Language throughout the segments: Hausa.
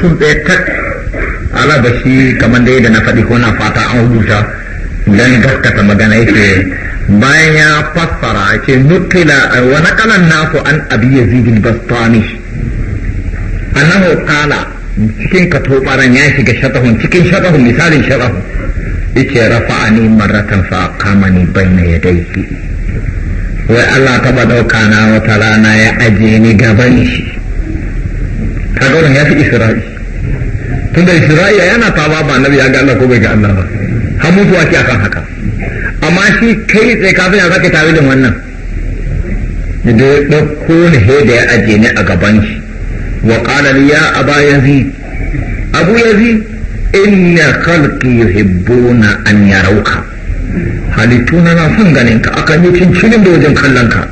tun ɗaya ala ba shi kamar da na faɗi ko na fata an rubuta dan gaskata magana yake bayan ya fassara ce nukila wani kalan nasu an abi yazid al-bastami annahu qala cikin katobaran ya shiga shatahun cikin shatahun misalin shatahun yace rafa'ani marratan fa aqamani bayna daiki wai Allah taba dauka na wata rana ya aje ni gaban shi kaga wannan ya fi isra'i tunda Isra'ila yana tawa ba annabi ya ga Allah ko bai ga Allah ba har mutuwa ce akan haka amma shi kai tsaye kafin ya zaka tare da wannan da ya ɗauko he da ya aje ne a gaban shi wa qala li ya aba yazi abu yazi inna khalqi yuhibbuna an yarawka halittuna na son ganin ka akan yi cincinin da wajen kallon ka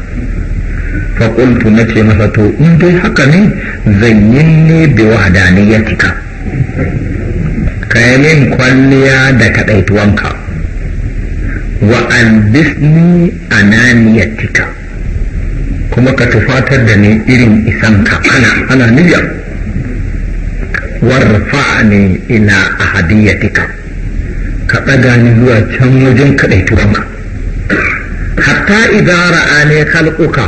fa qultu nace masa to in dai haka ne zayyin ne bi wahdaniyatika kayanin min kwalliya da kaɗaituwanka wa albisni ananiyatika kuma ka tufatar da ni irin isanka ana ana niyya warfa ne ina a ahadiyatika ka ɗaga ni zuwa can wajen kaɗaituwanka hatta idara ne khalquka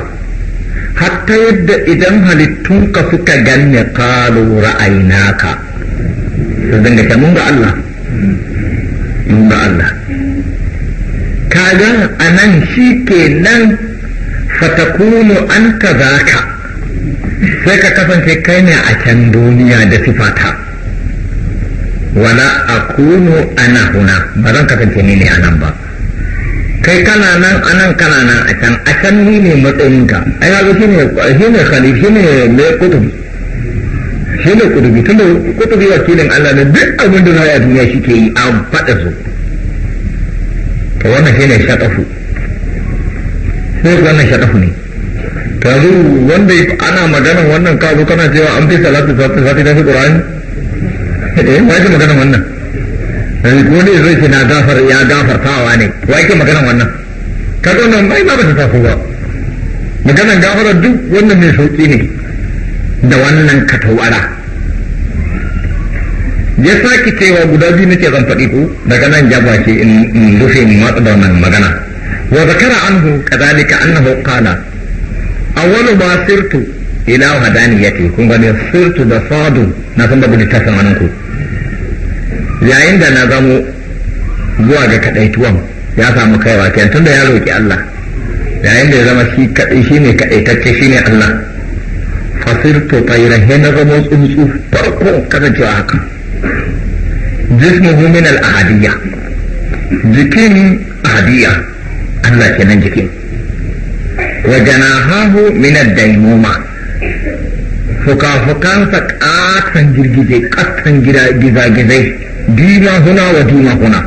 hatta yadda idan halittunka suka ganni ra'ayi naka su dinga ta mun ga Allah mun ga Allah kaga anan shi ke nan fatakunu an ta zaka sai ka kasance kai ne a can duniya da sifata wala akunu ana huna ba zan kasance ni ne a nan ba kai kana nan a nan kana nan a can a can ni ne matsayinka ai ga shi ne shi ne khalif shi ne mai kutubi shi ne kudubi wakilin Allah a duniya shi ke an faɗa su to ne shaɗafu wanda ana magana wannan kana cewa an fi salatu salatu eh, wannan wani eh, ne na gafar ya ne wannan kaga wannan ba ta tafi ba maganan gafara duk wannan mai sauki ne da wannan katawara ya sake cewa guda biyu nake zan faɗi ku daga nan jaba ce in rufe in matsa da wannan magana wa zakara anhu kazalika annahu qala awwalu ma sirtu ila yake kun ga ne sirtu da sadu na san da bude ta san anku yayin da na zamo zuwa ga kadaituwan ya samu kaiwa kenan tunda ya roki Allah yayin da ya zama shi kadai shine kadaitacce shine Allah ta yi he na zama tsuntsu farko kasancewa haka jismuhu min al'adiyya jikin ahadiyya Allah kenan jikin wa janahahu min ad-daymuma fukafukansa katon girgije katon gizagizai dima huna wa dima huna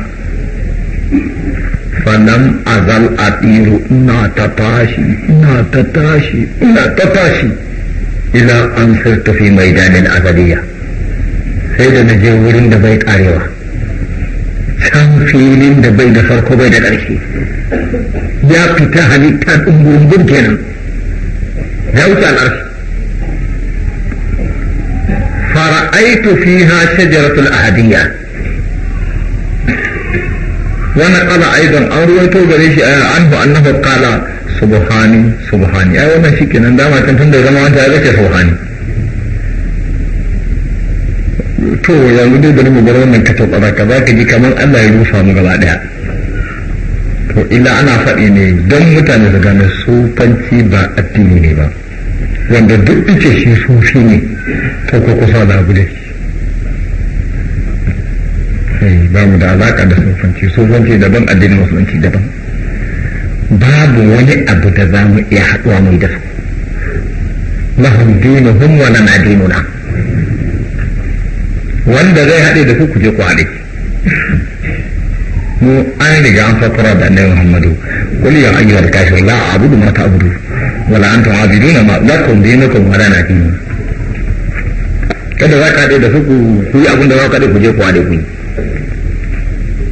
falam azal atiru ina ta tashi ina ta tashi ina ta tashi إلى أن صرت في ميدان الأبدية سيدنا جورين دا بيت أريوة كان فيلين دا بيت فرق بيت الأرشي يا قتاها أمورين أمهم بمكنا زوج الأرش فرأيت فيها شجرة الأحدية ونقل أيضا أرويت آه، عنه أنه قال subhani subhani ai wannan shi kenan dama can tun da zama wanda ya zake subhani to yanzu dai bari mu bar wannan kato kaza ka za ka ji kamar Allah ya rufa mu gaba daya to illa ana faɗi ne dan mutane su gane su fanci ba addini ne ba wanda duk ce shi sufi ne to ko kusa da abu dai ba mu da alaƙa da sufanci sufanci daban addinin musulunci daban babu wani abu da za mu iya haɗuwa mai da su lahum dinuhum wa lana dinuna wanda zai haɗe da ku je ku haɗe mu an riga an fatara da annabi Muhammadu qul ya al-kafir la a'budu ma ta'budu wa la antum a'buduna ma lakum dinukum wa lana dinuna kada za ka haɗe da ku ku yi abin da za ka haɗe ku je ku haɗe ku yi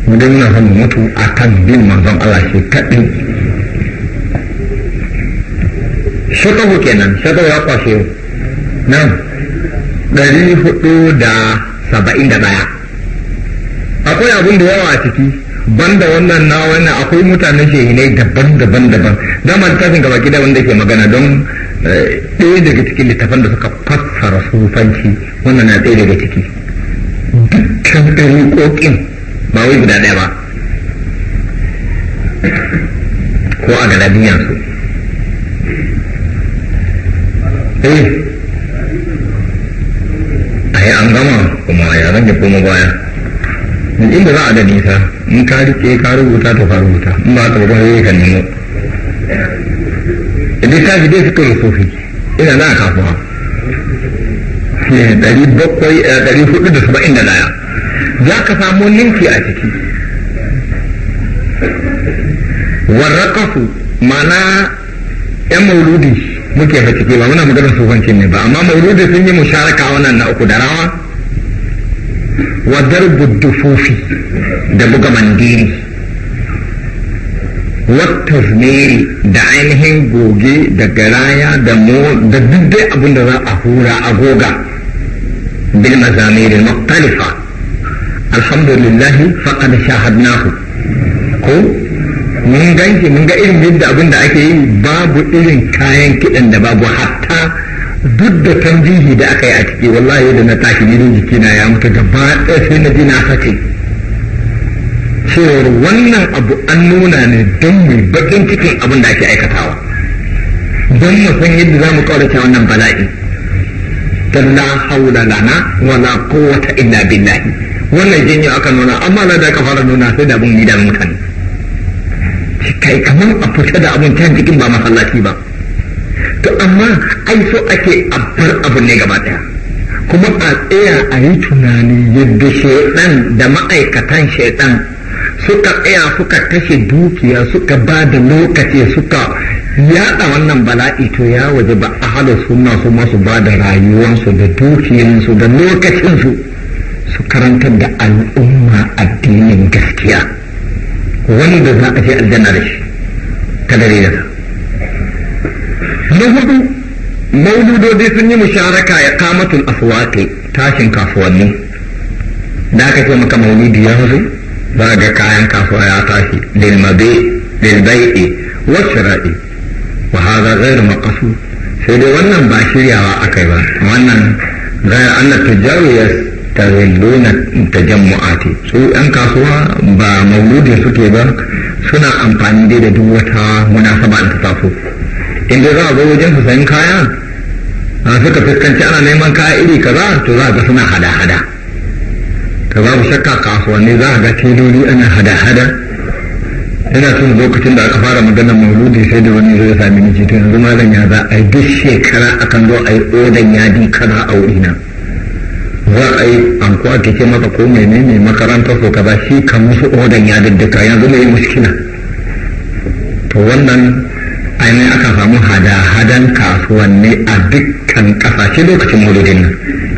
mu dai muna son mutu akan bin manzon Allah shi kaɗai shatahu kenan shatahu ya kwashe nan ɗari hudu da saba'in da ɗaya akwai abin da yawa a ciki banda wannan na wannan akwai mutanen shehinai daban-daban daban dama littafin gaba gida wanda ke magana don ɗaya daga cikin littafan da suka fassara sufanci wannan na ɗaya daga ciki dukkan ɗari ƙoƙin ba wai guda ɗaya ba ko a galadiyansu Ayi eh. ai an gama kuma zan da koma baya inda za a da nisa in ka rike ka rubuta to ka rubuta in ba ka ba sai ka nemo idan ka dai fito da kofi ina na kafuwa dari eh, bakwai eh, ɗari hudu da saba'in da ɗaya za ka samu ninki a ciki warraƙasu ma'ana 'yan mauludi muke ba ciki ba muna maganar sufancin ne ba amma mauludi sun yi musharaka wannan na uku da rawa wa darbu dufufi da buga mandiri wata zmeri da ainihin goge da garaya da mo da duk dai abin da za a hura a goga bil mazamiri maqtalifa alhamdulillahi faqad shahadnahu ko mun ganke mun ga irin yadda abin da ake yi babu irin kayan kiɗan da babu hatta duk da tanjihi da aka yi a ciki wallahi yadda na tashi ni na ya mutu gaba ɗaya sai na ji na sace cewar wannan abu an nuna ne don mu bakin cikin abin da ake aikatawa don mu san yadda za mu ƙaurace wannan bala'i dan la haula lana wala quwwata illa billahi wannan jinyo aka nuna amma la da ka fara nuna sai da abun gidan mutane kai kamar a fita da abun can cikin ba masallaci ba to amma ai so ake abbar abu ne gaba daya kuma a tsaya a yi tunani yadda shaidan da ma'aikatan shaidan suka tsaya suka kashe dukiya suka ba da lokaci suka yada wannan bala'i to ya waje ba a hada suna su masu ba da rayuwarsu da dukiyansu da lokacinsu su karantar da al'umma addinin gaskiya. wanda za a ce aljanna da shi ta da dalilinsa na hudu mauludodi sun yi musharaka ya kamatun aswaqi tashin kasuwanni da aka ce maka maulidi ya hudu, za ga kayan kasuwa ya tashi lil mabi lil bai'i wa haza zai da ghairu sai dai wannan ba shiryawa aka yi ba wannan ghairu tujjaru ya tazilluna tajammu'ati su yan kasuwa ba mauludi suke ba suna amfani dai da duk wata munasaba da ta taso inda za a zo wajen su sayan kaya a suka fuskanci ana neman kaya iri kaza to za ga suna hada-hada za babu shakka kasuwanni za a ga tiloli ana hada-hada ina tun lokacin da aka fara maganar mauludi sai da wani zai sami miji to yanzu malam ya za a yi duk shekara akan zo a yi odan yadi kaza a wurina. na za a yi anko a kike maka ko menene makarantar ko kaza shi kan musu odan ya daddaka yanzu mai muskila to wannan ainihin aka samu hada-hadan kasuwanni a dukkan kasashe lokacin muludin nan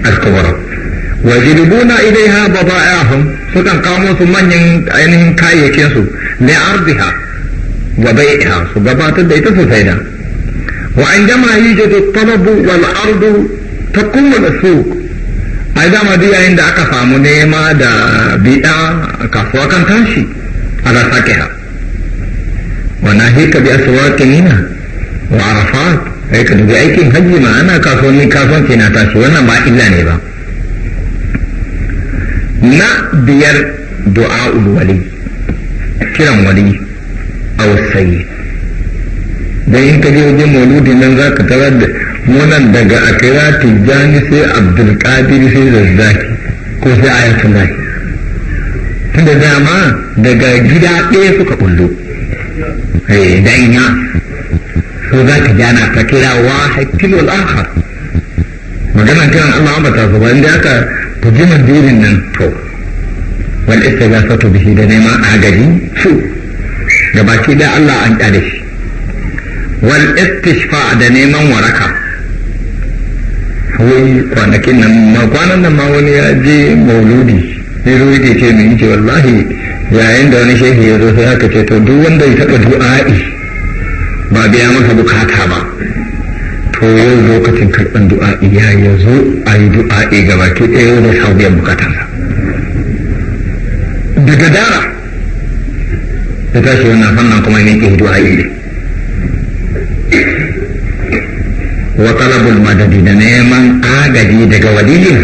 alkubara wa jirguna idai ha baba'ahum sukan kawo su manyan ainihin kayyakinsu ne arziha wa bai'iha su gabatar da ita su saida wa an jama yi jadu talabu wal ardu ta kuma da su ai dama duk yayin da aka samu nema da biɗa kasuwa kan tashi ala sakiha wa nahika bi aswaqina wa arafat ai ka dubi aikin hajji ma ana kafon kasuwanci na tashi wannan ba illa ne ba na biyar du'a'ul wali kiran wali aw sayyid dan in ka je wajen mauludi nan zaka tarar da munan daga akira tijjani sai abdulkadir sai zazzaki ko sai ayatullahi tunda dama daga gida ɗaya suka kullu eh, dan ya so za ka jana ka kira wa tilwal al'aha magana kiran Allah ba ta zuba inda aka tujima dirin nan to wal istighafatu bihi da neman agaji su baki da Allah an kyale shi wal istishfa da neman waraka wai kwanakin nan ma kwanan nan ma wani ya je mauludi sai zo yake ce min ce wallahi yayin da wani shehi ya zo sai aka ce to duk wanda ya taɓa du'a'i ba biya masa bukata ba to yau lokacin karɓar du'a'i ya yi zo a yi du'a'i ga baki ɗaya yau da sau biyan bukatarsa daga dara da tashi wannan fannan kuma yin du'a'i wa talabul madadi da neman agaji daga waliyin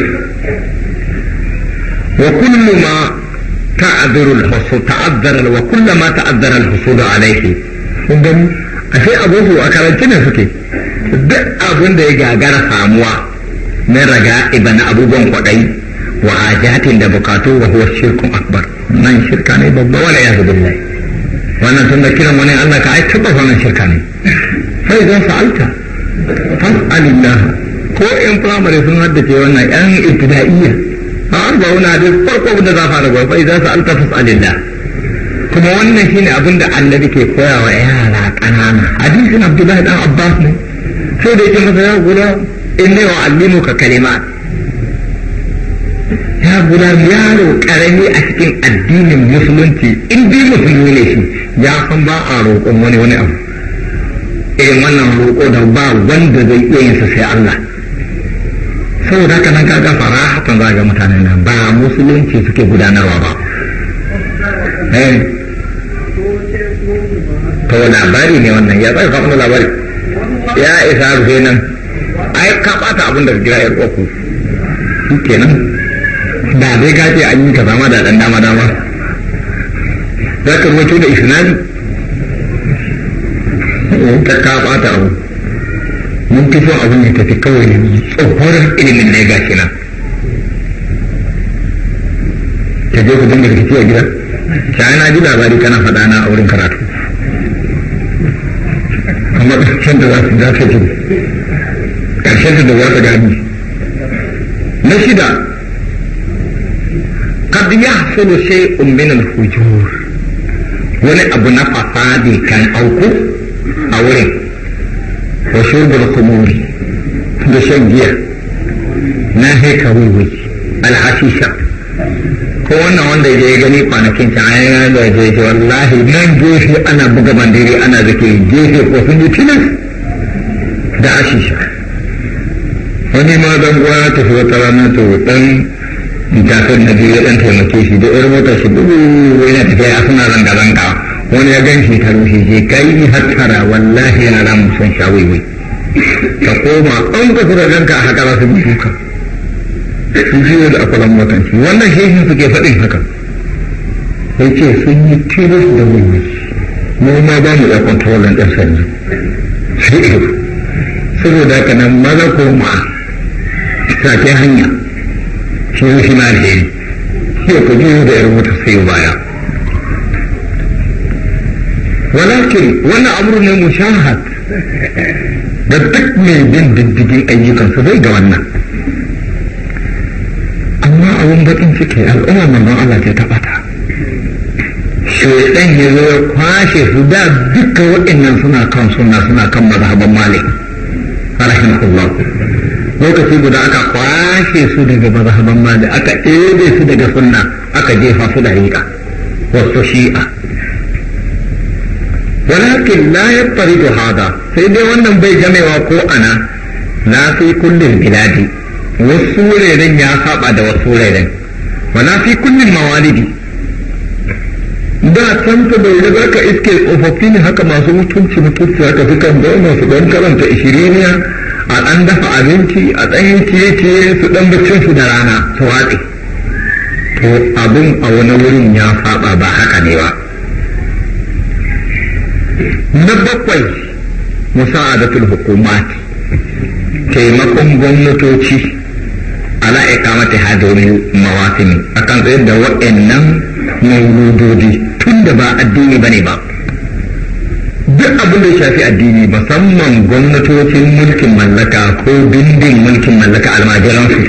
wa kullu ma ta'adharu al-husul ta'addara wa kullu ma ta'addara al-husul alayhi kun gani ashe abubu a karanci ne suke duk abin da ya gagara samuwa na raga ibana abubuwan kwaɗayi wa ajatin da bukatu wa huwa shirkun akbar nan shirka ne babba wala ya billahi wannan tun da kiran wani Allah ka ai tabbas wannan shirka ne sai zan sa'alta fas'alillah ko yan firamare sun haddace wannan yan ibtida'iyya har ba wani hadis farko da za fara gwa sai za su alta fas'alillah kuma wannan shine abin da annabi ke koya wa yara ƙanana hadisin abdullahi dan abbas ne sai da yake masa ya guda inni wa ka kalimat ya guda yaro karami a cikin addinin musulunci in dai musulmi ne shi ya san ba a roƙon wani wani abu irin wannan roƙo da ba wanda zai iya yinsa sai Allah saboda haka nan kaga fara hakan za ga mutanen nan ba musulunci suke gudanarwa ba eh. to labari ne wannan ya tsaye kafin labari ya isa rufe nan ai ka bata abin da gira ya roƙo kenan da zai gace an yi kaza ma da dan dama dama za ka rubuto da isnadi ka bata abu mun fi so abin ya tafi kawai ne tsohuwar ilimin ne gashi nan ta je ku dinga rikici a gida ta na ji labari kana faɗa na a wurin karatu amma ƙarshen da za su za su ji ƙarshen da za su gani na shida kad yahsulu shay'un hujur wani abu na fasadi kan auku a wurin wa shurbul kumuri da shan giya na haika wuri alhashisha ko wannan wanda ya gani kwanakin ta an yana da ya ce wallahi nan gefe ana buga bandiri ana zake gefe ko sun yi tilas da ashisha wani ma dan uwa ta fi wata rana to dan gasar na biyu ya dan taimake shi da yar mota shi dubu na tafiya a suna zanga-zanga wani ya gan shekaru shi je kai ni hattara wallahi yara mu sun sha ka koma an ka fura ganka a haka su bi shuka su biyo da akwalan matanci wannan shehin suke faɗin haka Ya ce sun yi tilis da waiwai mu ma ba mu iya kwantarolin ɗan sanyi sai saboda ka nan maza ko ma sake hanya shi shi na alheri ya ka biyo da irin wata sai baya walakin wannan abu ne mushahad da duk mai bin diddigin ayyukan su zai ga wannan amma abin bakin ciki al'umma manzon Allah ke ta bata shaidan ya zo kwashe su da duka waɗannan suna kan suna suna kan mazhaban malik rahimahullah lokaci guda aka kwashe su daga mazhaban malik aka ɗebe su daga sunna aka jefa su da riƙa wasu shi'a walakin la da hada sai dai wannan bai gamewa ko ana na fi kullin biladi wasu wuraren ya saba da wasu wuraren wala fi kullin mawalidi da can ta bai da ka iske tsofaffi ne haka masu mutunci mutunci haka sukan zauna su dan karanta ishiriniya a dan dafa abinci a dan yin su dan baccin su da rana su watsi to abin a wani wurin ya saba ba haka ne ba na bakwai musa'adatul hukumat taimakon gwamnatoci ala hadari mawafini a kan tsayar da wa'annan mawudodi tun da ba addini ba ne ba duk abin da ya shafi addini musamman gwamnatocin mulkin mallaka ko dindin mulkin mallaka almajiransu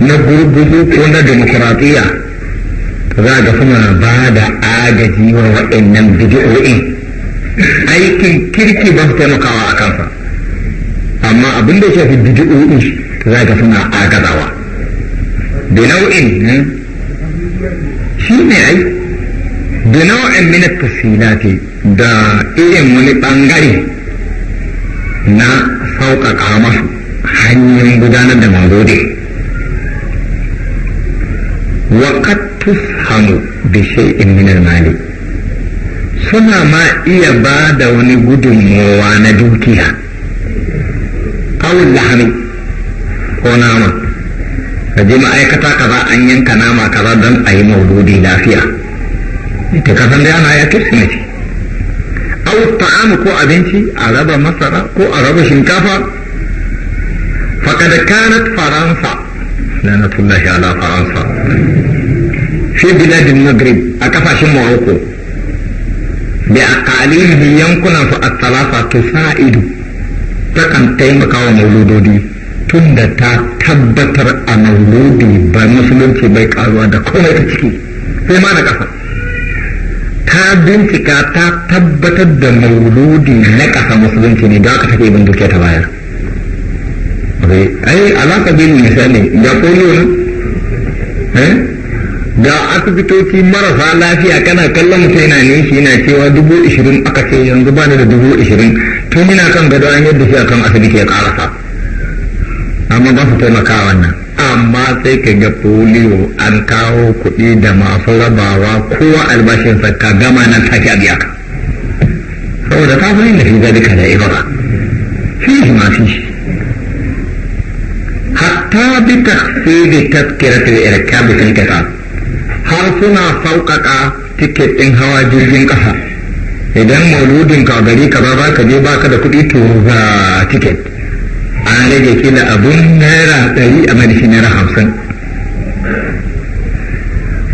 na gurguzu ko na demokuraɗiyya za ga suna ba da agaji wa waɗannan bidiyo'in aikin kirki ba su taimakawa a kansa amma abin da ya shafi bidi'o'i za ka suna agazawa da nau'in eh? shi ne ai da nau'in minista tafsilati da irin wani bangare na sauƙaƙa masu hanyoyin gudanar da mazode وقد da shi'in minar المال suna ma iya ba da wani gudunmowa na dukiya awul lahani ko nama ka je ma'aikata kaza an yanka nama kaza don a yi maududi lafiya ita kasan dai ana ya kirsimeti au ta'amu ko abinci a raba masara ko a raba shinkafa faƙada kanat faransa lanatullahi ala faransa fi biladin maghrib a kafashin morocco bi aqalihim yankunan su at-talafa tusa'idu takan taimaka wa tunda ta tabbatar a mauludi ba musulunci bai karuwa da ta ciki ma na ta bincika ta tabbatar da mauludi na ƙasa musulunci ne da aka take bin ai ga asibitoci marasa lafiya kana kallon mutum yana nishi yana cewa dubu ishirin aka ce yanzu bani da dubu ishirin tun yana kan gado an yadda shi akan asibiti ya karasa amma ba su taimaka wannan amma sai ka ga polio an kawo kuɗi da masu rabawa kowa albashinsa ka gama nan take a biya saboda ka fahimta da fi zai da ibara fihi ma fihi hatta bi takhfidi tazkiratul irkab fil kasa har suna sauƙaƙa tiket ɗin hawa jirgin ƙasa idan mauludin ka gari ka ba ka je baka da kuɗi to za tiket an rage kila abun naira ɗari a madashi naira hamsin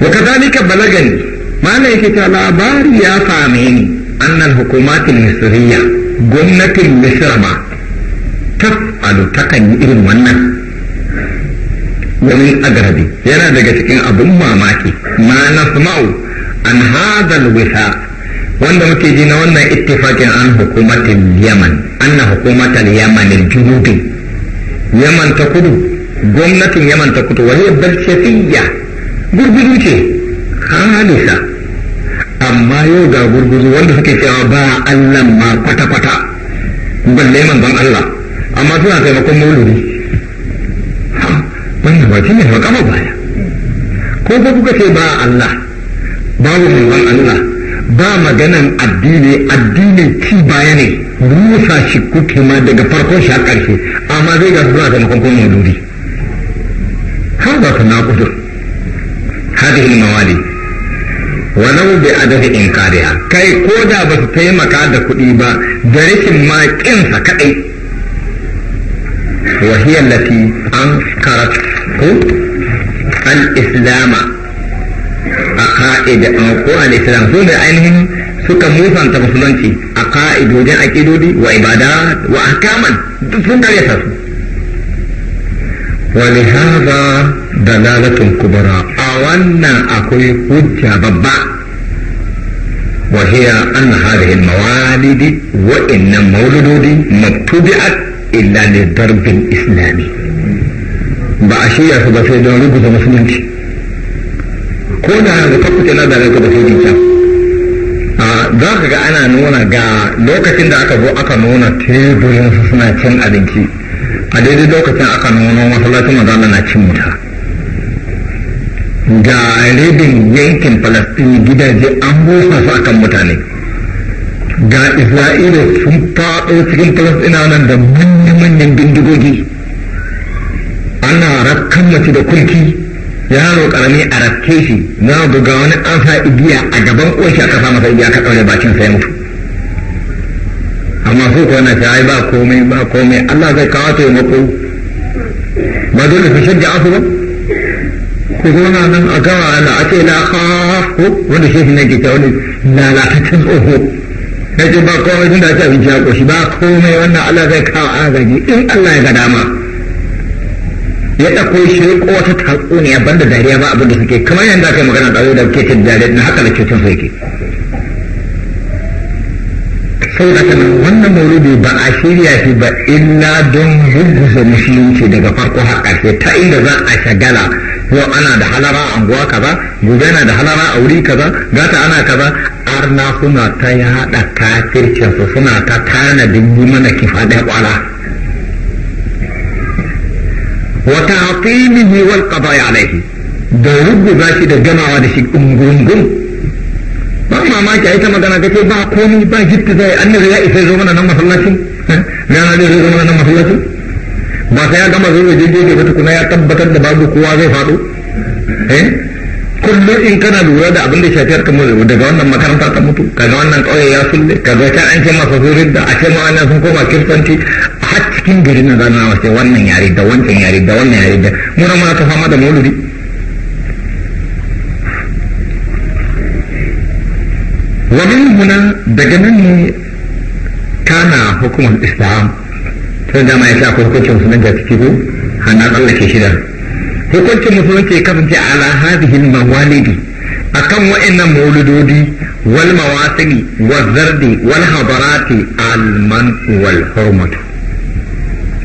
wa kazalika balagani malam yake ta labari ya same ni annal hukumatin misriya gwamnatin misra ma alu takan yi irin wannan ومن yana daga cikin abin mamaki ma na sumau an hadal الوثاق wanda muke ji na wannan ittifakin an hukumatin yaman anna hukumatar yaman junubi yaman ta kudu gwamnatin yaman ta kudu wani balshafiyya gurgudu ce halisa amma yau ga gurgudu wanda suke cewa ba allah ma kwata-kwata balle ban allah amma suna taimakon mauludi wannan ba shi ne sau kama baya ko ba kuka ce ba Allah babu manzon Allah ba maganan addini addini ki baya ne rusa shi kuke ma daga farkon shi har ƙarshe amma zai ga zuwa ga makon kuma duri har ba ta na kudur hadihin mawali walau bai adadin inkariya kai ko da ba su taimaka da kuɗi ba da rikin ma ƙinsa kaɗai وهي an karatu. al islama a ka'ida ko al-islam su da ainihin suka mufanta musulunci a ka'idodin aƙidodi wa ibada wa ahkaman duk sun karyata su ولهذا دلالة كبرى أولنا أقول حجة ببع وهي أن هذه الموالد وإن مولدود مبتدعت إلا للضرب الإسلامي ba a shirya su ba sai don rubuta musulunci ko da yanzu ta ce na da rai da sai a za ka ga ana nuna ga lokacin da aka zo aka nuna teburin su suna cin abinci a daidai lokacin aka nuna masallacin mazala na cin wuta ga rabin yankin falastini gidaje an busa su akan mutane ga isra'ila sun faɗo cikin falastina nan da manyan manyan bindigogi kan mace da kulki yaro karami a rafke shi na buga wani an sa igiya a gaban uwarshi a sa masa igiya ka ɗaure bakin sai mutu amma su kuwa na ai ba komai ba komai Allah zai kawo taimako ba dole su shajja asu ba ku zauna nan a gawa na a ce la wanda shi ne ke wani lalataccen tsoho na ce ba komai tun da ake abinci a ƙoshi ba komai wannan Allah zai kawo agaji in Allah ya ga dama ya ɗauko shi ya wata ban banda dariya ba abin da suke kamar yadda aka yi magana ɗaure da ke cin dariya na haka da cutar su yake sau da sanar wannan mauludi ba a shirya shi ba illa don rubuta musulunci daga farko har ƙarshe ta inda za a shagala yau ana da halara a anguwa kaza gobe na da halara a wuri kaza gata ana kaza arna suna ta yaɗa kafircinsu suna ta tana yi mana kifa ɗaya ƙwara wa ta'timihi wal qada'i alayhi da da gamawa da shi gungun ba ta magana kace ba komai ba gitti zai annabi ya isa zo mana nan masallacin na ba sai ya tabbatar da babu kowa zai faɗo kullum in kana lura da abin da shafiyar ka mutu wannan makaranta ta mutu kaga wannan kauye ya sulle kaga ta an ce da a ce sun koma kirtanci har cikin gari na wa sai wannan yare da wancan yare da wannan yare da muna muna ta fama da mauludi wani huna daga nan ne kana hukumar islam ta dama ya sa hukuncin musulunci a ciki ko hana ke shida hukuncin musulunci ya kasance ala hadihin mawalidi akan wa'annan mauludodi wal mawasili wal zardi wal hadarati al man wal hurmatu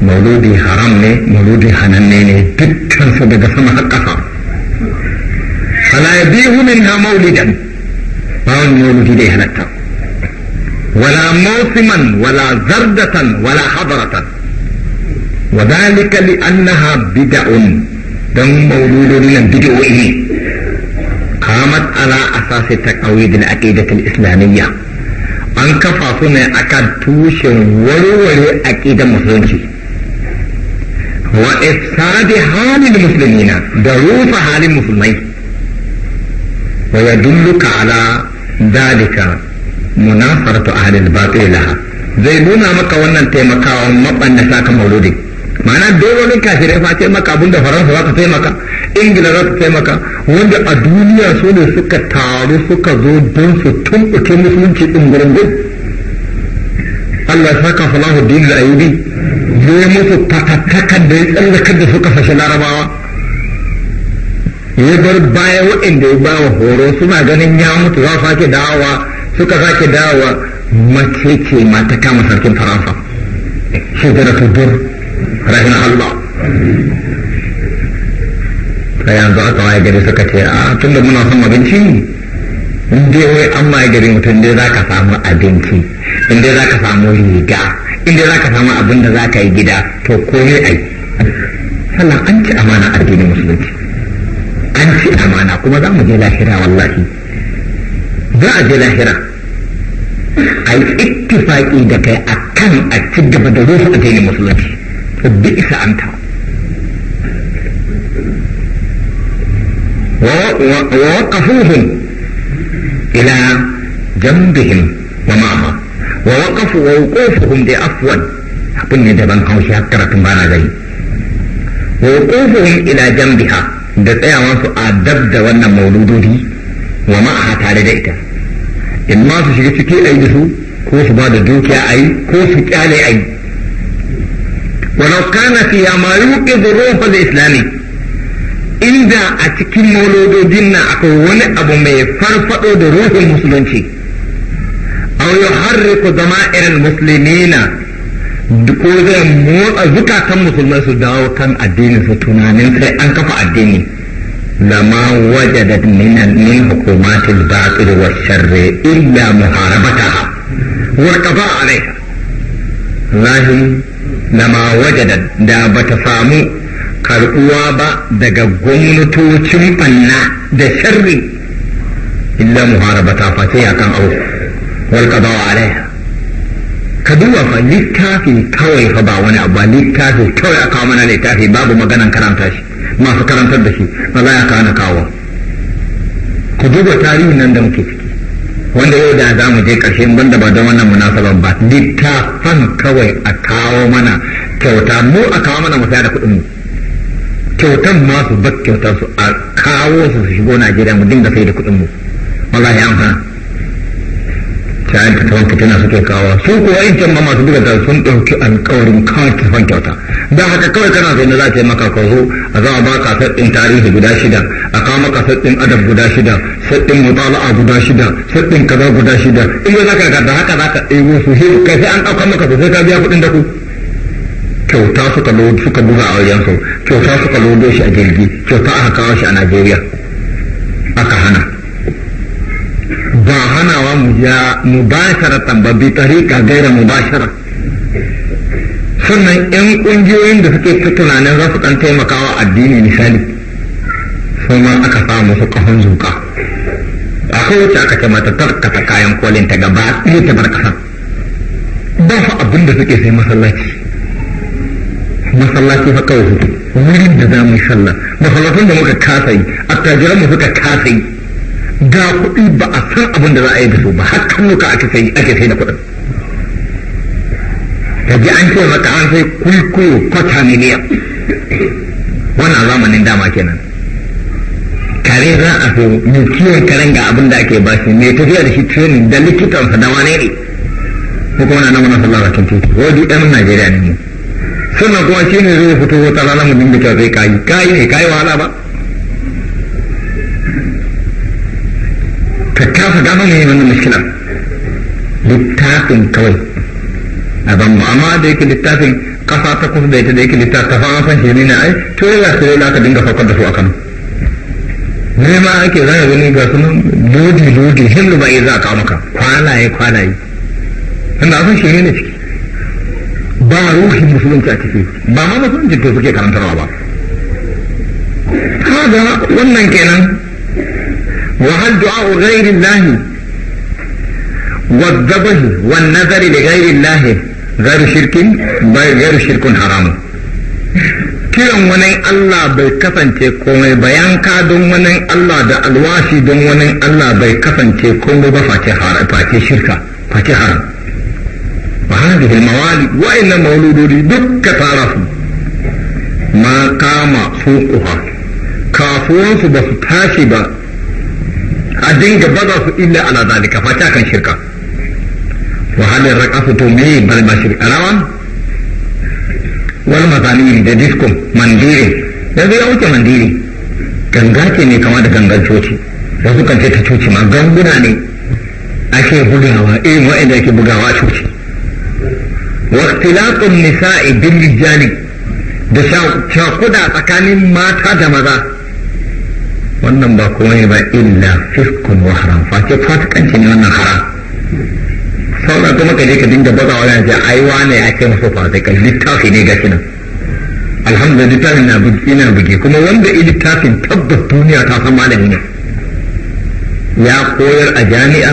mauludi haram ne mauludi hananne ne dukkansu daga sama har ƙasa biyu min na maulidan ba wani mauludi da ya halatta wala mausiman wala zardatan wala hadaratan wa dhalika li annaha bid'un dan mauludun nan bid'o'i ne qamat ala asasi taqawid al-aqidah al islamiyya an kafa su ne akan tushen warware aqidan musulunci wa ifsadi halin muslimina da rufa halin musulmai wa ka ala dalika munasaratu ahli al zai nuna maka wannan taimakawa mabanda saka mauludi ma'ana dogonin kafirai fa taimaka abinda faransa za ta taimaka ingila za ta taimaka wanda a duniya su ne suka taru suka zo don su tumɓuke musulunci ɗin gurgun Allah saka falahu dinin al-ayyubi zai musu fatattakar da ya tsallakar da su kasashen larabawa ya bar baya waɗanda ya ba wa horo suna ganin ya mutu za su sake dawowa suka sake dawowa mace ce mata kama sarkin faransa shi shidara tudur rahin allah ta yanzu aka waye gari suka ce a ah, tun da muna son abinci inda ya wai an ma gari mutum dai za ka samu abinci inda dai za ka samu riga inda za ka samu abin da za ka yi gida to komai ai sannan an ci amana addinin musulunci an ci amana kuma za mu je lahira wallahi za a je lahira a yi ittifaƙi da kai a kan a ci gaba da rufe addinin musulunci to bi isa an ta wa ووقفوهم إلى جنبهم ومعهم wa waqafu wa wuqufuhum bi afwan abin ne daban haushi har tun bana gani wa wuqufuhum ila jambiha da su a dab da wannan mauludodi wa ma'aha tare da ita in ma su shiga ciki ayi da su ko su ba da dukiya ayi ko su kyale ayi ولو كان فيها ما يوقظ الروح الإسلامي inda a cikin maulododin na akwai wani abu mai farfado da ruhin musulunci aw yuharriku dama'iral muslimina ko zai motsa zukatan musulmai su dawo kan addinin su tunanin sai an kafa addini lama wajadat min min hukumatil batil wa sharri illa muharabataha wa qada alaiha lahim lama wajadat da bata samu karɓuwa ba daga gwamnatocin banna da sharri illa muharabata fa sai akan auku والقضاء عليها ka duba littafi kawai fa ba wani abu ba littafi kawai a kawo mana littafi babu maganan karanta shi masu karantar da shi ba za a kawo na kawo ku duba tarihin nan da muke ciki wanda yau da za mu je ƙarshe banda ba don wannan munasaban ba littafan kawai a kawo mana kyauta mu a kawo mana mu da kuɗin mu kyautan ma su su a kawo su su shigo Najeriya mu dinga sai da kuɗin mu wallahi an hana kayan ta tawanta tana suke kawo su kuwa in ma masu su ta sun ɗauki alkawarin kawai ta kyauta da haka kawai kana zaune za ta yi maka kwazo a za a ba ka sattin tarihi guda shida a kawo maka sattin adab guda shida sattin mutala'a guda shida sattin kaza guda shida in za ka da haka za ka ɗebo su sai kai sai an ɗauka maka su sai ka biya kuɗin da ku kyauta suka suka buga a wajen su kyauta suka lodo shi a jirgi kyauta aka kawo shi a Najeriya aka hana ba hanawa mu ya mubasharatan ba bi tariqa gaira mubashara sannan yan kungiyoyin da suke ta tunanin za su dan taimakawa addini misali sai ma aka sa musu kahon zuka akwai wacce aka ce mata tarkata kayan kolin ta gaba ne ta bar kasa ba su abin da suke sai masallaci masallaci fa kawai wurin da za mu yi sallah masallacin da muka kasa yi attajiran mu suka kasa yi ga kuɗi ba a san abin da za a yi da su ba har kannuka ake sai ake sai da kuɗin ka ji an ce maka an sai kulkuyo kwata miliyan wannan zamanin dama kenan kare za a so mai kiwon karen ga abin da ake ba shi mai tafiya da shi tuni da likitansa da wane ne ko kuma na nan wannan sallah tuki titi wani ɗan Najeriya ne sannan kuma shi ne zai fito wata rana mu dinga zai kayi kayi ne kayi wahala ba ka kasa ne wannan mushkila littafin kawai a ban mu amma da yake littafin kasa ta kusa da ita da yake littafin ta fama san shirin ne na ai to yana su yau laka dinga faukar da su a kano ne ma ake zana gani ga sunan lodi lodi hillu ba za a kawo maka kwalaye kwalaye wanda a san shirin ne ciki ba ruhin musulunci a ciki ba ma musulunci to suke karantarwa ba kaga wannan kenan وهل دعاء غير الله والذبح والنذر لغير الله غير شرك غير شرك حرام kiran wani Allah bai kasance komai ba yanka don wani Allah da alwashi don wani Allah bai kasance komai ba face haram face shirka face haram wa hadhihi al-mawali wa inna mawlududi dukka tarafu ma kama suquha kafuwansu ba su tashi ba a dinga baza su illa ala zalika ta kan shirka wa halin raqasu to me bal ma shirka rawa wal mazalil da disko mandiri yanzu ya wuce mandiri ganga ce ne kama da gangan coci wasu kan ce ta coci ma ganguna ne ake bugawa eh wa'anda ake bugawa a coci wa ikhtilaqun nisa'i bil rijali da shakuda tsakanin mata da maza wannan ba ne ba illa fiskun wa haram face fasikanci ne wannan haram sauran kuma ka je ka dinga baza wa yanzu ai wane ya ce masa fasikai littafi ne ga nan alhamdulillah littafin na bugi na bugi kuma wanda ya littafin tabbas duniya ta san malami ne ya koyar a jami'a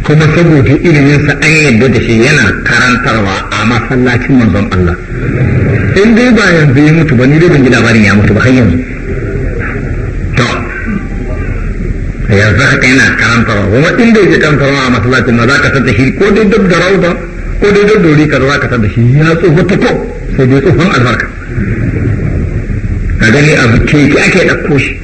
kuma saboda iliminsa an yadda da shi yana karantarwa a masallacin manzon Allah in dai ba yanzu ya mutu ba ni dai ban ji labarin ya mutu ba har yanzu yanzu haka yana karantarwa inda yake karantarwa a masallacin ma za ka shi ko dai da rauda ko dai da wuri ka za ka shi ya sai dai albarka a gani abu ake shi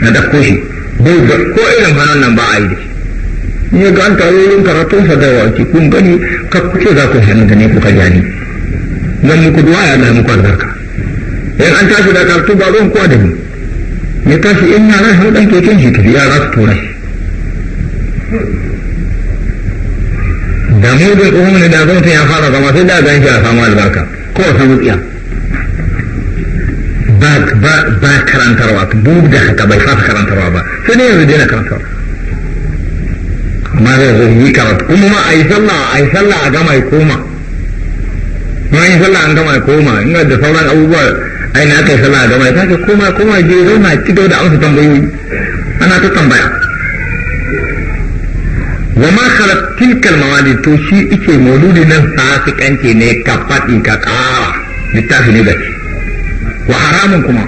na shi ko irin hannun nan ba a yi da shi ga an karatun sa da wace kun gani ka kuce za ku jani muku duwa ya da muku albarka in an tashi da karatu ba ruwan da ni ah, ya tashi in yara hau ɗan keken shi tafi yara su tura shi da mu da tsohon ne da zai ya fara zama sai da gan shi a samu albarka ko a samu tsiya ba karantarwa duk da haka bai fasa karantarwa ba sai ne yanzu daina karantarwa amma zai zo yi karatu kuma ma a yi sallah a yi sallah a gama ya koma ma yi sallah an gama ya koma ina da sauran abubuwa aka yi kai sallah gama ya sake kuma koma je zo na ci da amsa tambayoyi ana ta tambaya wa ma khalat tilkal mawali to shi ike mauludi nan fasikanci ne ka faɗi ka ƙara littafi ne gaci wa haramun kuma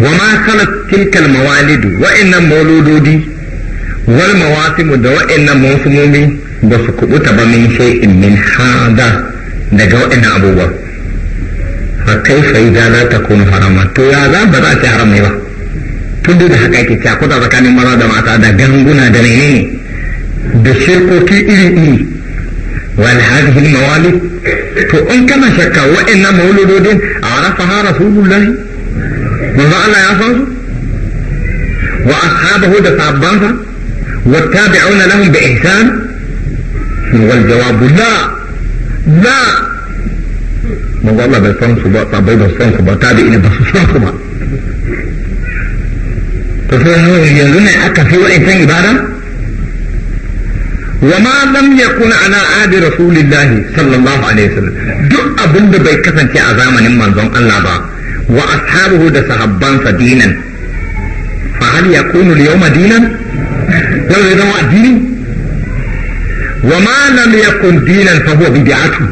wa ma khalat tilkal mawalidu wa'annan mauludodi wal mawasimu da wa'annan mawsumomi ba su kubuta ba min in min hada daga wa'annan abubuwa فكيف إذا لا تكون حراما تو يا ذا بدأت حرامي با تدو ده حقا كي تاكو تا تكاني مرا دا معتا دا جنبنا دنيني بسرقو كي إلي إلي وأن هذه الموالد تو أن كما شكا وإن مولود عرفها رسول الله ماذا الله يعصر وأصحابه دا تعبانها والتابعون لهم بإحسان والجواب لا لا manzo Allah bai san su ba sabai ba san su ba ta ina ba su san su ba to sai yanzu ne aka fi wa'in ibada وما لم يكن على عهد رسول الله صلى الله عليه وسلم duk abin da bai kasance a zamanin manzon Allah ba wa ashabuhu da sahabban sa dinan fa hal yakunu al-yawma dinan wala zama addini wa ma lam yakun dinan fa huwa bid'atu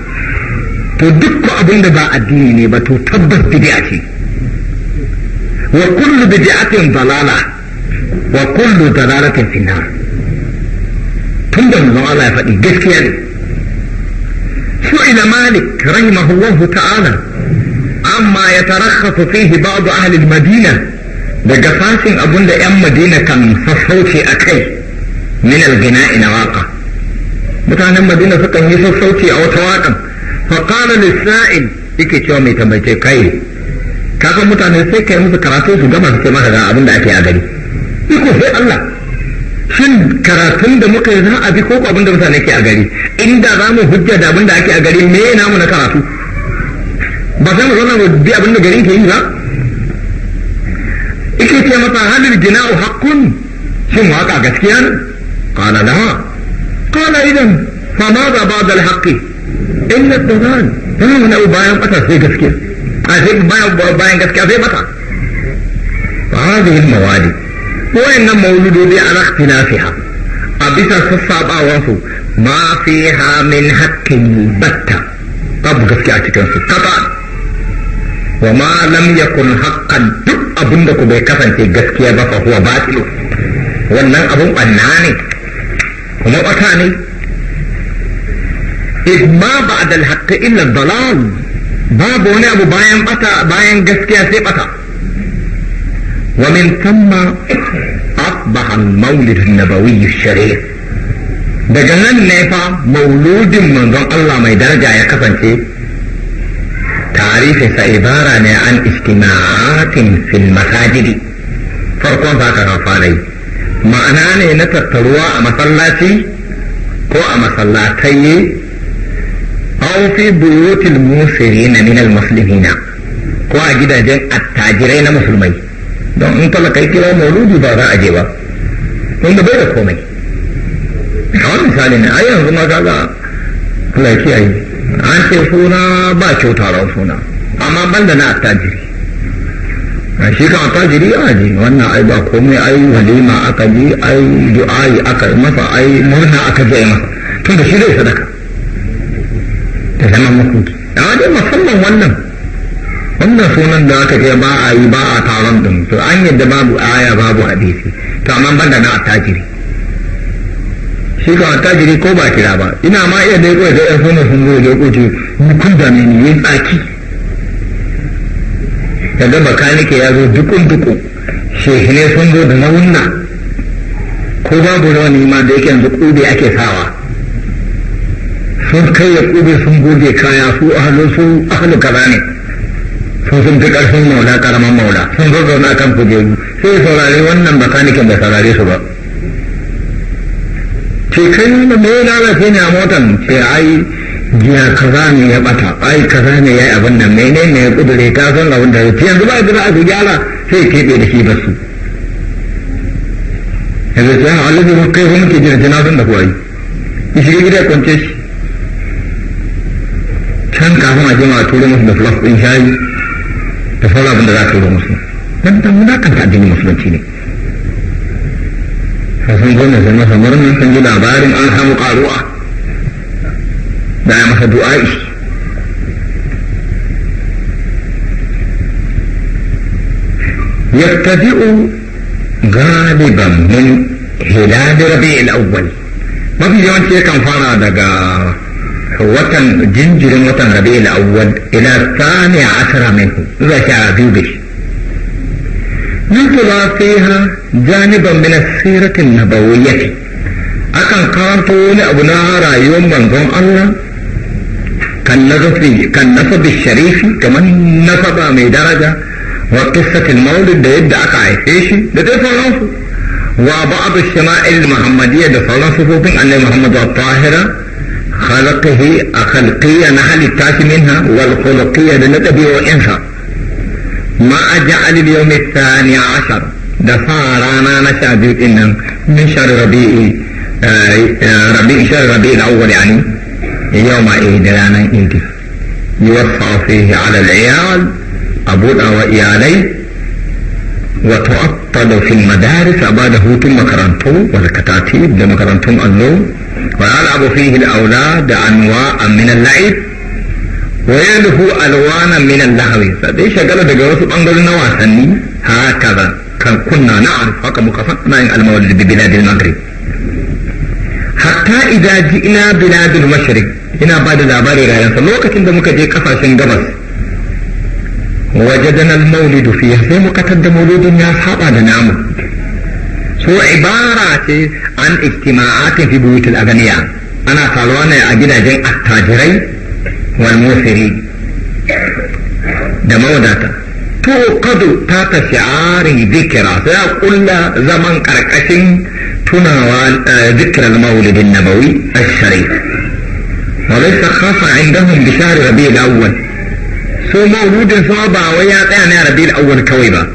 to duk abin da ba addini ne ba to tabbas bid'a ce wa kullu bid'atin dalala wa kullu dalalatin finnar tun da manzon Allah ya faɗi gaskiya ne Malik سئل مالك رحمه amma ya عما يترخص فيه بعض أهل المدينة daga fasin abun da 'yan madina kan sassauce a kai min al ina waka mutanen madina sukan yi sassauce a wata wakan فقال للسائل yake cewa mai tambaye kai kaga mutane sai kai musu karatu su gama su ce maka ga abin da ake a gari iko sai Allah shin karatun da muka yi za a bi ko abin da mutane ke a gari inda za mu hujja da abin da ake a gari me namu na karatu ba sai mu zauna mu bi abin da garin ke yi ba ike ce masa halil jina'u haqqun shin waka gaskiya ne idan fa ma ba da illa tsaran tana wani abu bayan bata sai gaskiya a sai bayan bayan gaskiya sai bata fa hadhihi mawadi wayannan mauludodi ala ikhtilafiha a na a bisa sassabawan su ma fi ha min haqqin batta babu gaskiya a cikinsu su kaba wa ma lam yakun haqqan duk abin da ku bai kasance gaskiya ba fa huwa batilu wannan abun ɓanna ne kuma ɓata ne ma a dalhaƙa illa dalal babu wani abu bayan bata bayan gaskiya sai bata wa min thumma asbaha al-mawlid an-nabawi ash-sharif daga nan ne fa mauludin manzon Allah mai daraja ya kasance tarihi sa ibara ne an istima'atin fil masajid farkon ba ka fara ma'ana ne na tattaruwa a masallaci ko a masallatai an fi buyutul musirina min almuslimina ko a gidajen attajirai na musulmai don in talaka kira mauludi ba za a je ba kun da bai da komai a wani misali ne ai yanzu ma kaga Allah yi an ce suna ba kyautaron suna amma banda na attajiri a shi kan attajiri a ji wannan ai ba komai ai walima aka je ai du'ai aka masa ai murna aka je masa tun da shi zai sadaka ta zama makoki a wajen musamman wannan wannan sunan da aka ce ba a yi ba a taron din to an yadda babu aya babu hadisi to amma banda na attajiri shi ka attajiri ko ba kira ba ina ma iya dai kawai da sunan sun zo da kuce ni da ne ni yin tsaki daga bakanike ya zo dukun dukun shehine sun zo da na wunna ko babu rawani ma da yake yanzu kube ake sawa sun kai ya kube sun goge kaya su ahalu su ahalu kaza ne sun sun fi karfin maula karaman maula sun zo a kan kujeru sai saurari wannan bakanikin bai saurare su ba ce kai me lalace ne a motan ce ai jiya kaza ne ya bata ai kaza ne ya yi abin nan mene ne ya kudure ta san abin da yanzu yanzu ba a za a gyara sai keɓe da shi ba su yanzu ta halabi kai wani ke jirgin na da kuwa yi shiga gida kwance shi can kafin a jima a turo musu da flas ɗin shayi da sauran abin da za a turo musu dan dan wulakanta addinin musulunci ne sun zo sai masa sun ji labarin an samu karuwa da ya masa du'a'i yattabi'u galiban min hilal rabi'il awwal mafi yawanci yakan fara daga watan jinjirin watan rabi al-awwal ila thani asara minhu za ta azube ninku ban fiha janiban min as-siratin nabawiyyati akan karanto wani abu na rayuwar manzon Allah kan nafi kan nafi sharifi kaman nafaba mai daraja wa qissatil maulid da yadda aka haife shi da dai sauransu wa ba'd shama'il muhammadiyya da sauran sufofin annabi muhammad wa tahira خلقه أخلقية نحل التاس منها والخلقية لنتبه وإنها ما أجعل اليوم الثاني عشر دفارانا نشادي إن من شهر ربيع آه، ربيع شهر ربيع الأول يعني يوم إيد لنا إنتي يوفى فيه على العيال أبونا وإيالي وتعطل في المدارس أباده ثم كرانتو والكتاتيب لما كرانتو اللوم فيلعب فيه الأولاد أنواع من اللعب ويلهو ألوانا من اللهو فدي شغالة بجواسو بانجل نواسني هكذا كان كنا نعرف هكا مكفأنا المولد ببلاد المغرب hatta idan ji'ina biladul mashriq ina ba da labarin rayuwarsa lokacin da muka je kasashen gabas wajadana al-maulidu fiha sai muka tadda mauludin ya saɓa da namu هو عبارة عن اجتماعات في بيوت الأغنياء أنا طالوانا أجل جن التاجرين والموفرين دمو داتا تو قدو تاتا شعاري ذكرى لا كل زمن كركشين تناوال آه، ذكرى المولد النبوي الشريف وليس خاصة عندهم بشهر ربيع الأول سو مولود صعبة ويا يعني ربيع الأول كويبه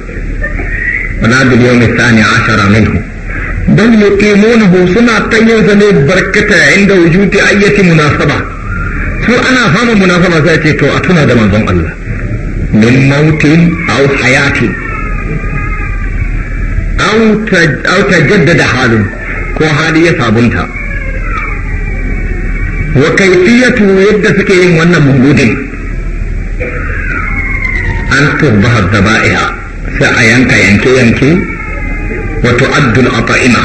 wala bil yawmi thani ashara minhu dan yuqimunahu suna ta sa ne barkata yayin da inda wujudi ayyati munasaba su ana fama munasaba sai ce to a tuna da manzon Allah min mautin aw hayatin aw tajaddada halin ko hali ya sabunta wa kaifiyatu yadda suke yin wannan mungudin an tubbaha daba'iha sai a yanka yanke yanke wato addul ata'ima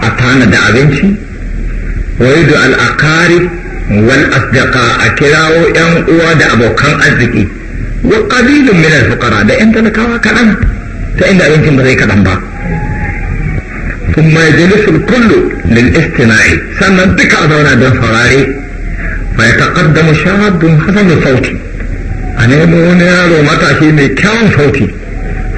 a tana da abinci wa da al aqari wal asdaqa a kirawo yan uwa da abokan arziki wa qalilun min al fuqara da yan talakawa kaɗan ta inda abincin ba zai kaɗan ba ثم يجلس الكل للاستماع a بك أدونا دون فراري فيتقدم شاب حسن sauti a nemo wani yaro matashi mai kyawun sauti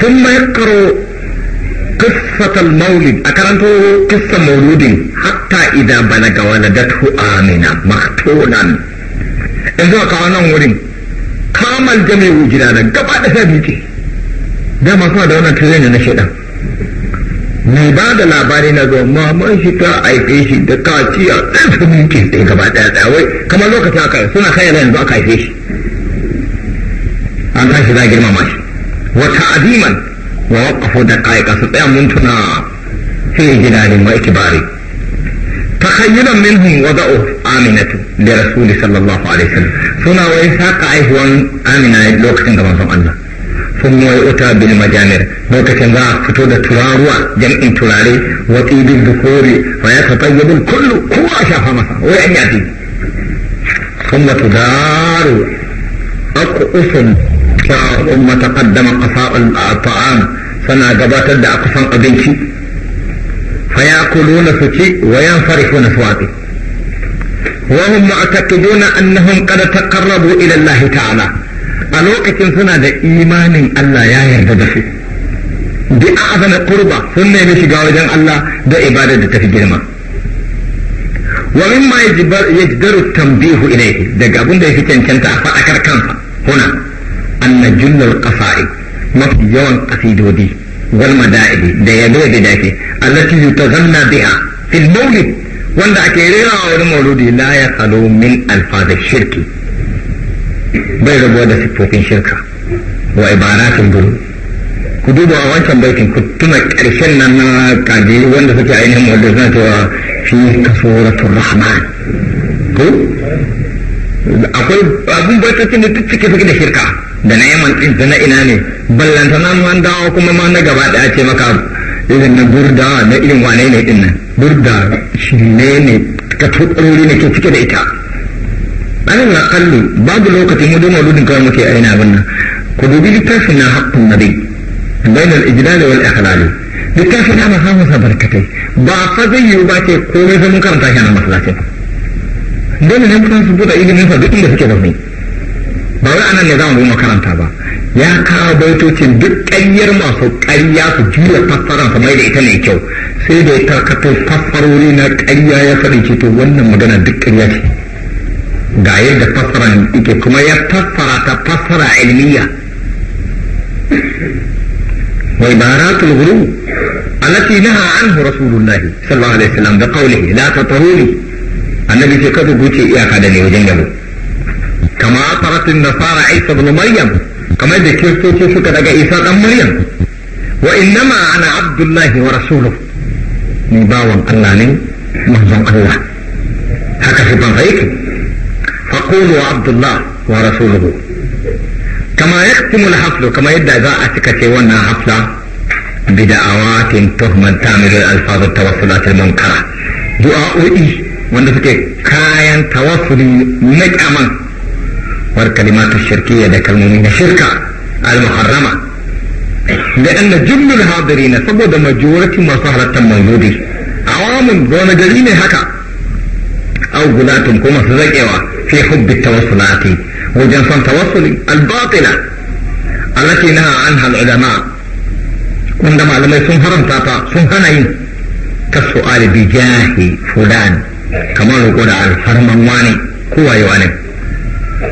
ثم يقرأ قصة المولد أكرنت قصة مولود حتى إذا بلغ ولدته آمنة مختونا إذا قرانا ورين kama jami'u jilala gaba da sabiti dama suna da wannan tirin na shaidan mai ba da labari na zuwa maman shi ta haife shi da kaciya ɗan mutum ɗin gaba ɗaya tsawai kamar lokacin aka suna kayan yanzu aka haife shi an kashi za a girmama shi Wata ta'ziman wa waqafu daqaiqa sa tsaya mun tuna ta khayyala minhum wa da'u aminatu rasul suna wa isa amina lokacin da manzo Allah sun mai uta bil majamir fito da turaruwa jami'in turare wa tibil dukuri wa ya tatayyab al kullu kuwa shafama umma ta kaddama kasa al sana gabatar da a kasan abinci fa yakuluna su ci wa yanfarihuna suwati wa hum mu'taqiduna annahum ta'ala a lokacin suna da imanin Allah ya yarda da su bi azana qurba sun nemi shiga wajen Allah da ibada da tafi girma wa mimma yajbaru tanbihu ilayhi daga ya fi cancanta fa akarkan huna anna jullal mafi yawan kasidodi wal da yabo da dafi allati yutazanna biha fil mawlid wanda ake rera wani mauludi la ya khalo min da shirka ku duba a wancan baitin ku tuna ƙarshen nan na kaji wanda suke ainihin mauludi suna cewa fi rahman ko akwai abin baitocin da duk cike suke da shirka da na yaman din da na ina ne ballanta na man dawo kuma ma na gaba da ce maka irin na burda na irin wane ne din nan burda shirme ne ka tukarori ne ke cike da ita alal aqallu babu lokacin mu dama ludin kawai muke aina abin nan ku dubi littafin na haqqun nabi bainal ijlal wal ihlal littafin na mahamusa barkatai ba fa zai yiwu ba ce komai zama karanta shi a masalacin dole ne kusan su buɗe ilimin sa duk inda suke zaune ba wai anan ne za mu makaranta ba ya kawo baitocin duk ƙayyar masu ƙarya su juya fassaran sa mai da ita mai kyau sai da ya tarkato fassarori na ƙarya ya faɗi ce to wannan magana duk ƙarya ce ga yadda fassaran yake kuma ya fassara ta fassara ilmiya wai baratul التي alati عنه anhu rasulullahi sallallahu alaihi wasallam da بقوله la تطروني annabi ce kada guce iyaka da ne wajen yabo kama faratin da fara isa bin maryam kamar da kiristoci suka daga isa dan maryam wa innama ana abdullahi wa rasuluh ni bawan Allah ne manzon Allah haka shi ban yake faqulu abdullah wa rasuluh kama yaktimu al-haflu kama yadda za a cika ce wannan hafla بدعوات تهمل تعمل الألفاظ التوصلات المنكرة دعاء إيه wanda suke kayan tawassuli na kyaman war kalimatu shirkiyya da kalmomi na shirka al-muharrama da anna jumlul na saboda majority masu halartar mauludi awamun gona gari ne haka au gulatun ko masu zakewa fi hubbi tawassulati wajen son tawassuli al-batila allati naha anha al-ulama wanda malamai sun haramta ta sun hana yin kasu'al bi jahi fulan kamar roƙo da alfarman wani ko wayo wani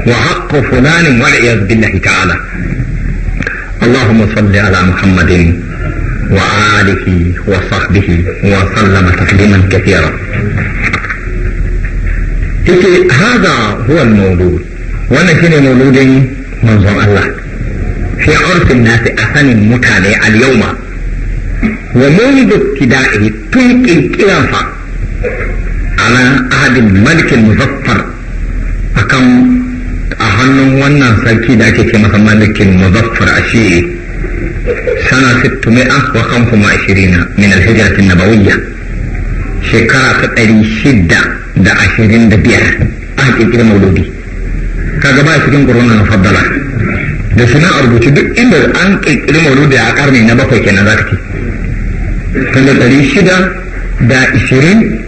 wa haqqo fulani wa la yaz billahi ta'ala allahumma salli ala muhammadin wa alihi wa sahbihi wa sallama takliman kathira yake hada huwa almawdu wannan shine mawdudin manzon allah fi arfin nasi asanin mutane alyawma wa mawdu kidai tun kirkiran fa ala ahadin الملك المظفر أكم a hannun wannan sarki da ake ce masa malikin muzaffar a shi sana 600 wa 25 min al-hijrat an-nabawiyya shekara ta 625 a kirkira mauludi kaga ba cikin na da suna a rubuce duk inda an kirkiri mauludi a karni na bakwai kenan zaka ce ɗari shida da 20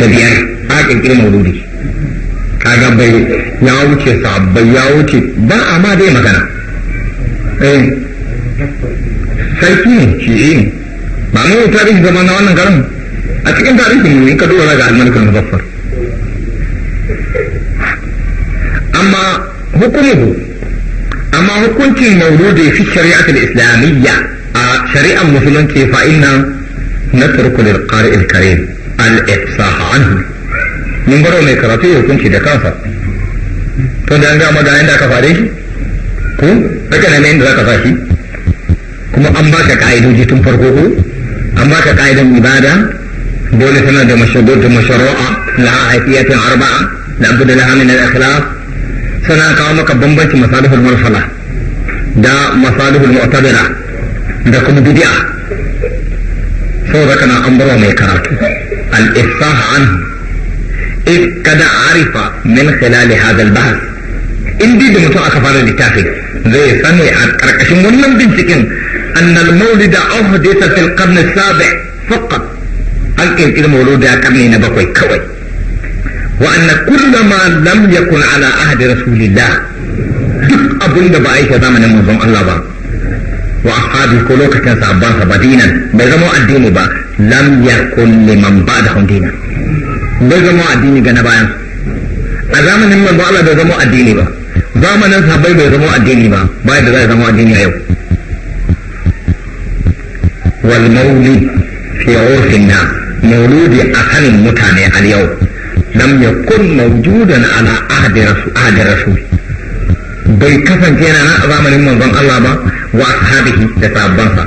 da biyar a kirkiri maududi kaga bai ya wuce sabbai ya wuce ba a ma dai magana eh. sarki ne shi ne ba mu tarihi zaman na wannan garin a cikin tarihi ne in ka dora ga na muzaffar amma hukumuhu amma hukuncin mauludi fi shari'atul islamiyya a shari'ar musulunci fa inna natruku lil qari'il karim al-ifsaha anhu mun baro mai karatu ya hukunci da kansa to da an ga magana da aka fare shi ko daga nan inda ka fashi kuma an baka ka'idoji tun farko ko an baka ka'idan ibada dole tana da mashahudar da mashara'a la haifiyatin arba'a da abu da min al akhlaq sana kawo maka bambanci masalihul mursala da masalihul mu'tabira da kuma bid'a da kana an barwa mai karatu الإفصاح عنه إذ قد عرف من خلال هذا البحث إن دي دمتو أكفار لتافي زي سني أكركش ونن بنتكين أن المولد أحدث في القرن السابع فقط أنكم إذا مولود أكرني نبقوي كوي وأن كل ما لم يكن على عهد رسول الله duk abin da ba a yi ta zamanin manzon Allah ba wa ashabi ko lokacin sabban sa badinan bai zama addini ba lam yakun liman ba'dahum dinan bai zama addini ga na bayan a zamanin manzo Allah bai zama addini ba zamanin sahabbai bai zama addini ba bai da zai zama addini a yau wal maulid fi urfin na mauludi a mutane a yau lam yakun mawjudan ala ahdi rasul ahdi rasul bai kasance yana na zamanin manzon Allah ba wa ashabihi da sahabbansa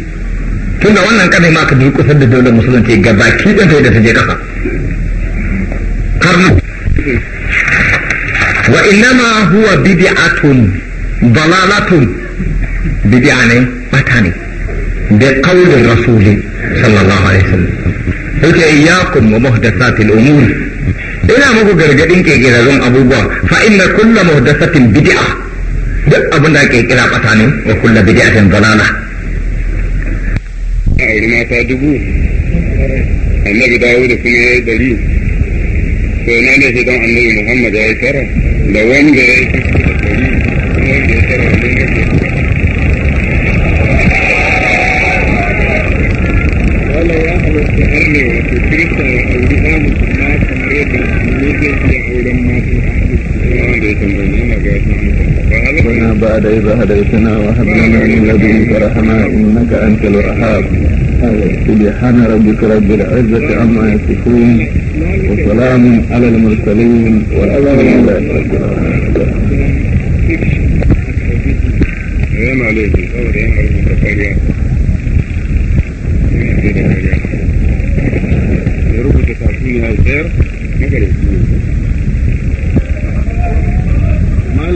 tun da wannan kadai ma ka bi kusa da daular musulunci ga baki ɗin da ta je kasa karnu wa innama huwa bid'atun dalalatun bid'a ne bata ne da qaulin rasuli sallallahu alaihi wasallam yake iyakum wa muhdathatil umur ina muku gargadin kirkirarrun abubuwa fa inna kullu muhdathatin bid'a duk abin da ake kira bata ne wa kullu bid'atin dalalah auri mata dubu annabi dawuda kuma ya yi dari to na ne shi don annabi muhammad ya yi tara da wanda ya yi kuma wanda ya tara wanda ya ke wala ya ne wato kirista ya auri ɗa musulma kamar yadda musulmi zai iya auren matan ربنا بعد إذا هديتنا وهب لنا من لدنك رحمة إنك أنت الوهاب سبحان ربك رب العزة عما يصفون وسلام على المرسلين والحمد لله رب العالمين.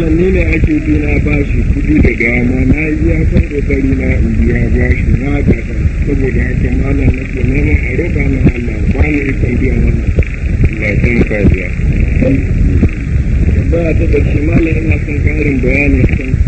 wannan ni ne ake ba bashi kudi da dama na yi san kokari na biya shi na gaba saboda haka malam nake nema a roƙa na Allah ba ne ikon biya wannan Allah san ka biya ta da shi malam ina son ƙarin bayani kan